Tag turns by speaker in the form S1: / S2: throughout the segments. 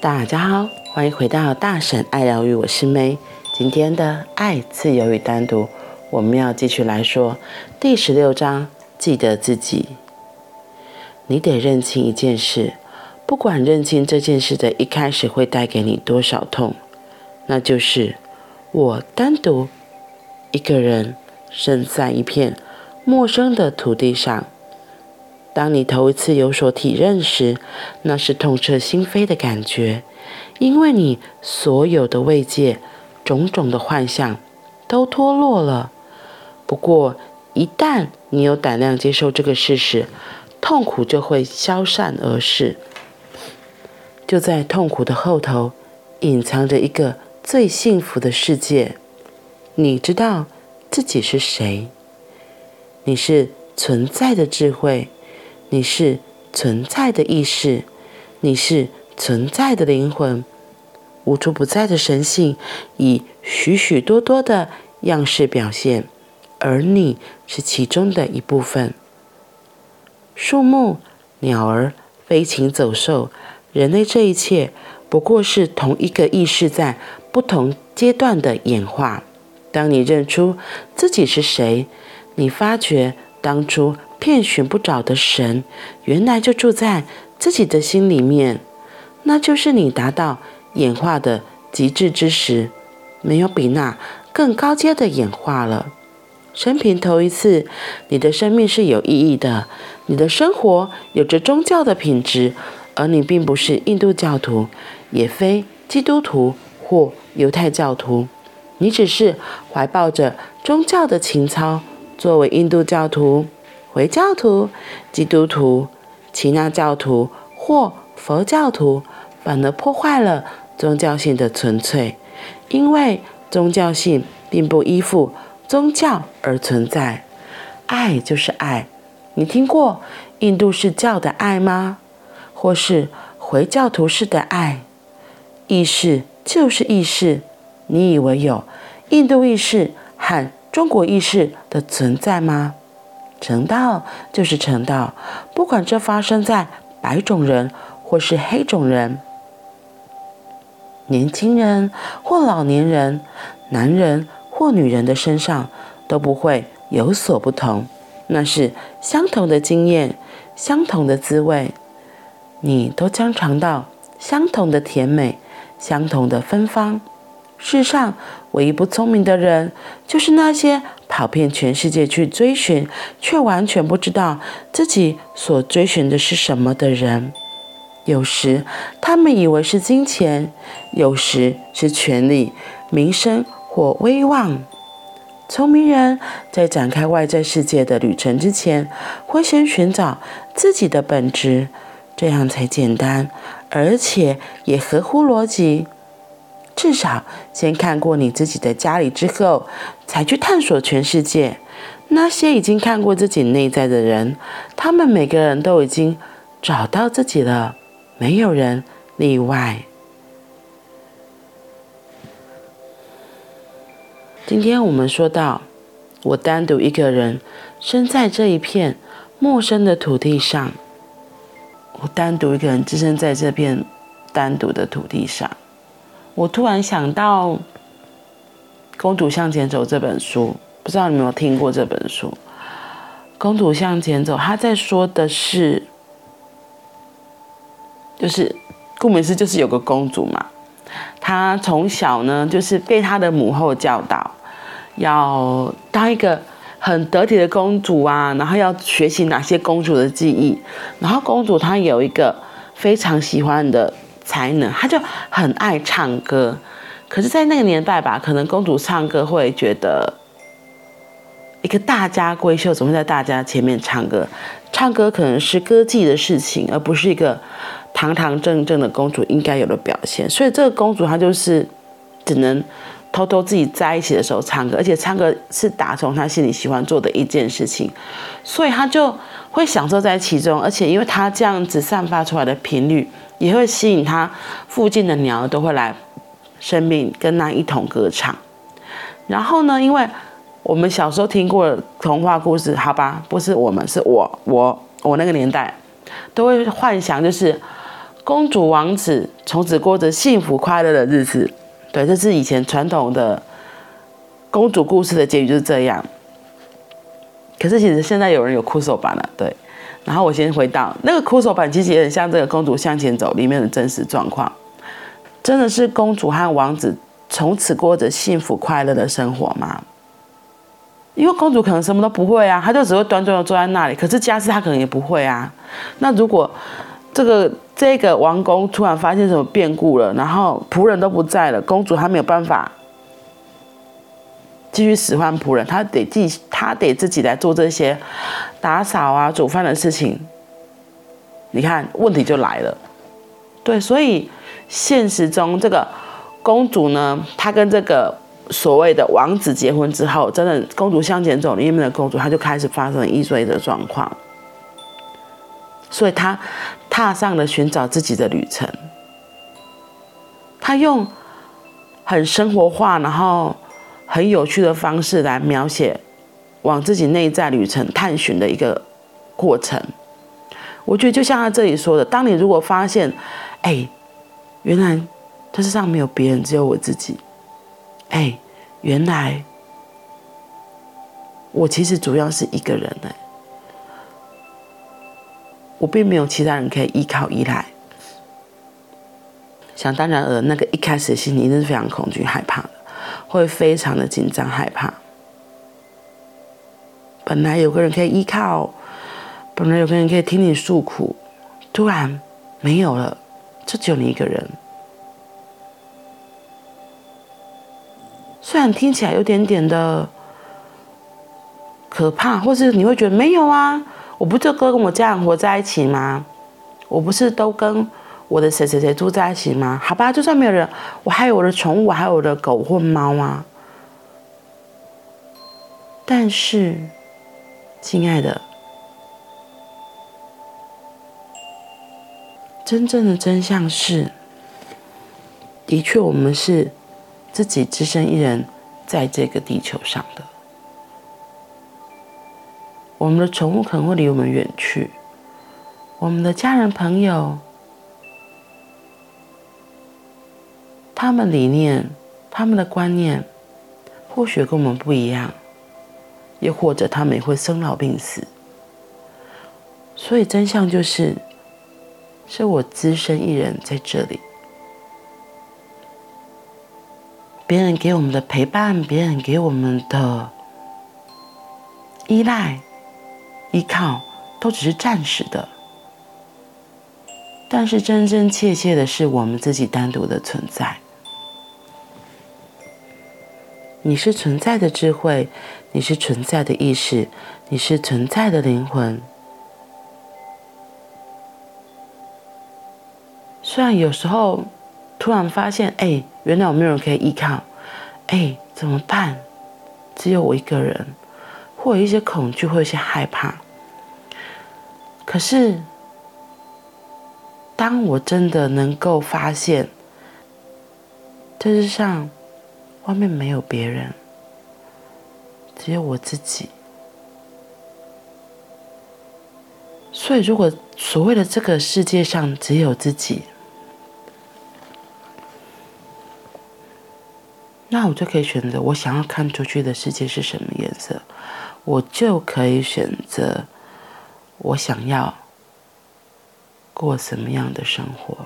S1: 大家好，歡迎回到大嬸愛療癒，我是梅。今天的《愛、自由與單獨》，我們要繼續來說第十六章，記得自己。你得認清一件事，不管認清這件事的一開始會帶給你多少痛，那就是我單獨一個人，身在一片陌生的土地上。當你頭一次有所體認時，那是痛徹心扉的感覺，因為你所有的慰藉、種種的幻想都脫落了。不過，一旦你有膽量接受這個事實，痛苦就會消散而逝。就在痛苦的後頭，隱藏着一個最幸福的世界。你知道自己是誰？你是存在的智慧。你是存在的意識，你是存在的靈魂，無處不在的神性以許許多多的樣式表現，而你是其中的一部分。樹木、鳥兒、飛禽走獸、人類，這一切不過是同一個意識在不同階段的演化。當你認出自己是誰，你發覺當初。遍尋不着的神，原來就住在自己的心裡面。那就是你達到演化的極致之時，沒有比那更高階的演化了。生平頭一次，你的生命是有意義的，你的生活有着宗教的品質，而你並不是印度教徒，也非基督徒或猶太教徒，你只是懷抱着宗教的情操，作為印度教徒。回教徒、基督徒、耆那教徒或佛教徒，反而破壞了宗教性的純粹，因為宗教性並不依附宗教而存在。愛就是愛，你聽過印度式教的愛嗎？或是回教徒式的愛？意識就是意識，你以為有印度意識和中國意識的存在嗎？成道就是成道，不管這發生在白種人或是黑種人、年輕人或老年人、男人或女人的身上，都不會有所不同。那是相同的經驗，相同的滋味，你都將嘗到相同的甜美，相同的芬芳。世上唯一不聰明的人，就是那些，跑遍全世界去追尋，卻完全不知道自己所追尋的是什麼的人。有時他們以為是金錢，有時是權力、名聲或威望。聰明人在展開外在世界的旅程之前，會先尋找自己的本質，這樣才簡單，而且也合乎邏輯。至少先看過你自己的家裡之後，才去探索全世界。那些已經看過自己內在的人，他們每個人都已經找到自己了，沒有人例外。今天我們說到，我單獨一個人生在這一片陌生的土地上，我單獨一個人置身在這片單獨的土地上。我突然想到，《公主向前走》這本書，不知道你有沒有聽過這本書。《公主向前走》，她在說的是，就是顧名思義就是有個公主嘛，她從小呢就是被她的母後教導，要當一個很得體的公主啊，然後要學習哪些公主的技藝，然後公主她有一個非常喜歡的才能，她就很愛唱歌，可是，在那個年代吧，可能公主唱歌會覺得，一個大家閨秀總會在大家前面唱歌，唱歌可能是歌妓的事情，而不是一個堂堂正正的公主應該有的表現。所以，這個公主她就是只能偷偷自己在一起的時候唱歌，而且唱歌是打從她心裡喜歡做的一件事情，所以她就。會享受在其中，而且因為它這樣子散發出來的頻率，也會吸引它附近的鳥都會來生命跟它一同歌唱。然後呢，因為我們小時候聽過童話故事，好吧，不是我們，是我，我，我那個年代都會幻想，就是公主王子從此過着幸福快樂的日子。對，這是以前傳統的公主故事的結局就是這樣。可是其實現在有人有哭手版了，對。然後我先回到那個哭手版，其實也很像這個《公主向前走》裡面的真實狀況。真的是公主和王子從此過着幸福快樂的生活嗎？因為公主可能什麼都不會啊，她就只會端端的坐在那裡。可是家事她可能也不會啊。那如果這個這個王宮突然發生什麼變故了，然後僕人都不在了，公主她沒有辦法，繼續使喚僕人，他得自己，他得自己來做這些打掃啊、煮飯的事情。你看，問題就來了。對，所以現實中這個公主呢，她跟這個所謂的王子結婚之後，真的公主向前走，裡面的公主，她就開始發生異衰的狀況。所以她踏上了尋找自己的旅程。她用很生活化，然後。很有趣的方式來描寫往自己內在旅程探尋的一個過程。我覺得就像他這裡說的，當你如果發現，哎，原來這世上沒有別人，只有我自己。哎，原來我其實主要是一個人呢，我並沒有其他人可以依靠依賴。想當然爾，那個一開始的心裡一定是非常恐懼害怕的。會非常的緊張害怕，本來有個人可以依靠，本來有個人可以聽你訴苦，突然沒有了，就只有你一個人。雖然聽起來有點點的可怕，或是你會覺得沒有啊，我不就跟跟我家人活在一起嗎？我不是都跟。我的誰誰誰住在一起嗎？好吧，就算沒有人，我還有我的寵物，我還有我的狗或貓啊。但是，親愛的，真正的真相是，的確，我們是自己，只身一人在這個地球上的。我們的寵物可能會離我們遠去，我們的家人朋友。他們理念、他們的觀念，或許跟我們不一樣，又或者他們也會生老病死。所以真相就是，是我只身一人在這裡。別人給我們的陪伴、別人給我們的依賴、依靠，都只是暫時的。但是真真切切的是，我們自己單獨的存在。你是存在的智慧，你是存在的意識，你是存在的靈魂。雖然有時候突然發現，哎，原來我沒有人可以依靠，哎，怎麼辦？只有我一個人，或有一些恐懼，或有一些害怕。可是，當我真的能夠發現，這世上……外面沒有別人，只有我自己。所以，如果所謂的這個世界上只有自己，那我就可以選擇我想要看出去的世界是什麼顏色，我就可以選擇我想要過什麼樣的生活。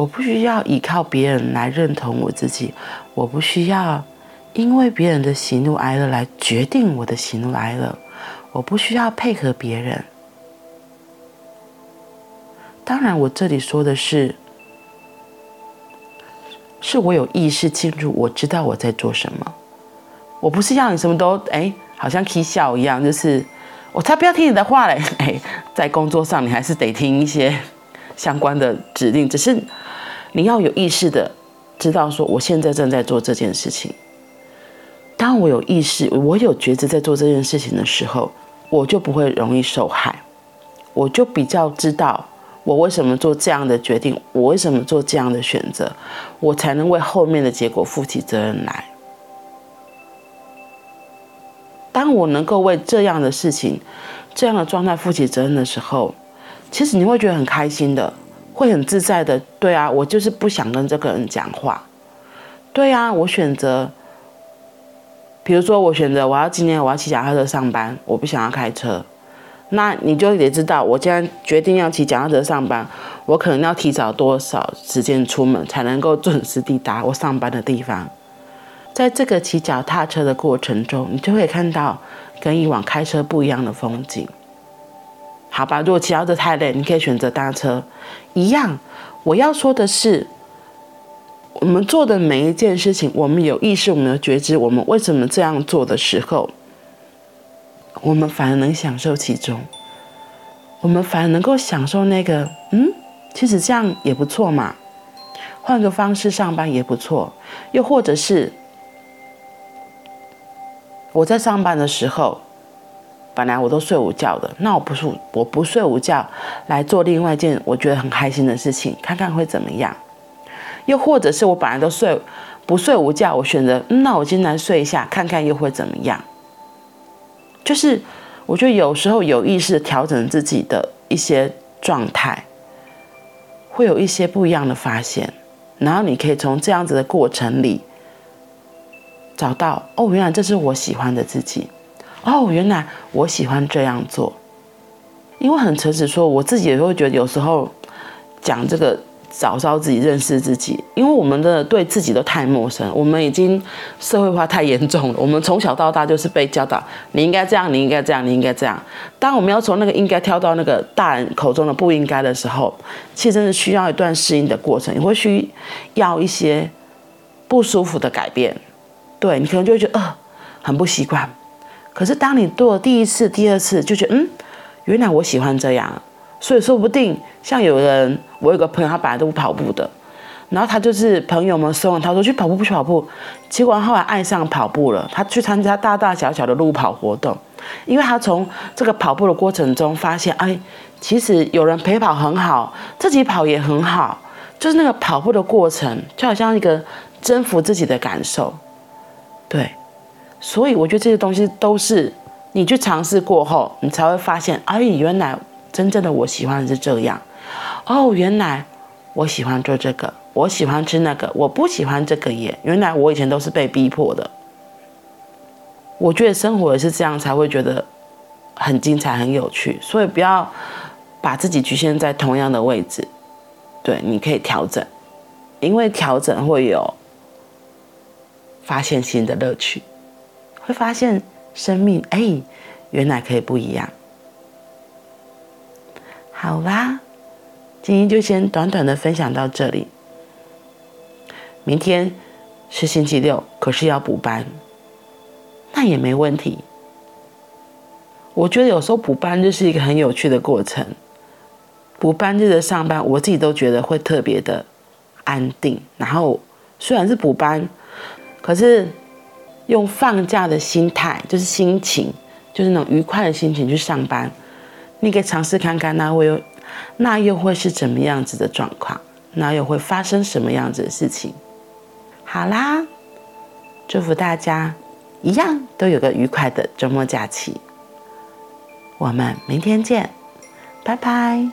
S1: 我不需要依靠別人來認同我自己，我不需要因為別人的喜怒哀樂來決定我的喜怒哀樂，我不需要配合別人。當然，我這裡說的是，是我有意識清楚，我知道我在做什麼。我不是要你什麼都哎、欸，好像聽笑一樣，就是我才不要聽你的話嘞。哎、欸，在工作上你還是得聽一些相關的指令，只是。你要有意識的知道說，我現在正在做這件事情。當我有意識、我有覺知在做這件事情的時候，我就不會容易受害，我就比較知道我為什麼做這樣的決定，我為什麼做這樣的選擇，我才能為後面的結果負起責任來。當我能夠為這樣的事情、這樣的狀態負起責任的時候，其實你會覺得很開心的。會很自在的，對啊，我就是不想跟這個人講話，對啊，我選擇，比如說我選擇我要今天我要騎腳踏車上班，我不想要開車，那你就得知道，我既然決定要騎腳踏車上班，我可能要提早多少時間出門才能夠準時抵達我上班的地方，在這個騎腳踏車的過程中，你就會看到跟以往開車不一樣的風景。好吧，如果騎車的太累，你可以選擇搭車。一樣，我要說的是，我們做的每一件事情，我們有意識，我們有覺知，我們為什麼這樣做的時候，我們反而能享受其中，我們反而能夠享受那個，嗯，其實這樣也不錯嘛，換個方式上班也不錯，又或者是我在上班的時候。本來我都睡午覺的，那我不是，我不睡午覺來做另外一件我覺得很開心的事情，看看會怎麼樣。又或者是我本來都睡不睡午覺，我選擇，嗯，那我今天來睡一下，看看又會怎麼樣。就是我覺得有時候有意識調整自己的一些狀態，會有一些不一樣的發現，然後你可以從這樣子的過程裡找到哦，原來這是我喜歡的自己。哦，原來我喜歡這樣做，因為很誠實說，說我自己也會覺得有時候講這個，找到自己認識自己，因為我們的對自己都太陌生，我們已經社會化太嚴重了。我們從小到大就是被教導你應該這樣，你應該這樣，你應該這樣。當我們要從那個應該跳到那個大人口中的不應該的時候，其實真的是需要一段適應的過程，也會需要一些不舒服的改變。對你可能就會覺得呃，很不習慣。可是當你做了第一次、第二次，就覺得嗯，原來我喜歡這樣，所以說不定像有人，我有個朋友，他本來都不跑步的，然後他就是朋友們慫恿他說去跑步，不去跑步，結果他後來愛上跑步了。他去參加大大小小的路跑活動，因為他從這個跑步的過程中發現，哎，其實有人陪跑很好，自己跑也很好，就是那個跑步的過程，就好像一個征服自己的感受，對。所以我覺得這些東西都是你去嘗試過後，你才會發現，哎，原來真正的我喜歡的是這樣，哦，原來我喜歡做這個，我喜歡吃那個，我不喜歡這個耶。原來我以前都是被逼迫的。我覺得生活也是這樣，才會覺得很精彩、很有趣。所以不要把自己局限在同樣的位置，對，你可以調整，因為調整會有發現新的樂趣。會發現生命，哎，原來可以不一樣。好啦，今天就先短短的分享到這裡。明天是星期六，可是要補班，那也沒問題。我覺得有時候補班就是一個很有趣的過程。補班日的上班，我自己都覺得會特別的安定。然後雖然是補班，可是。用放假的心態，就是心情，就是那種愉快的心情去上班，你可以嘗試看看，那會有，那又會是怎麼樣子的狀況，那又會發生什麼樣子的事情。好啦，祝福大家一樣都有個愉快的週末假期。我們明天見，拜拜。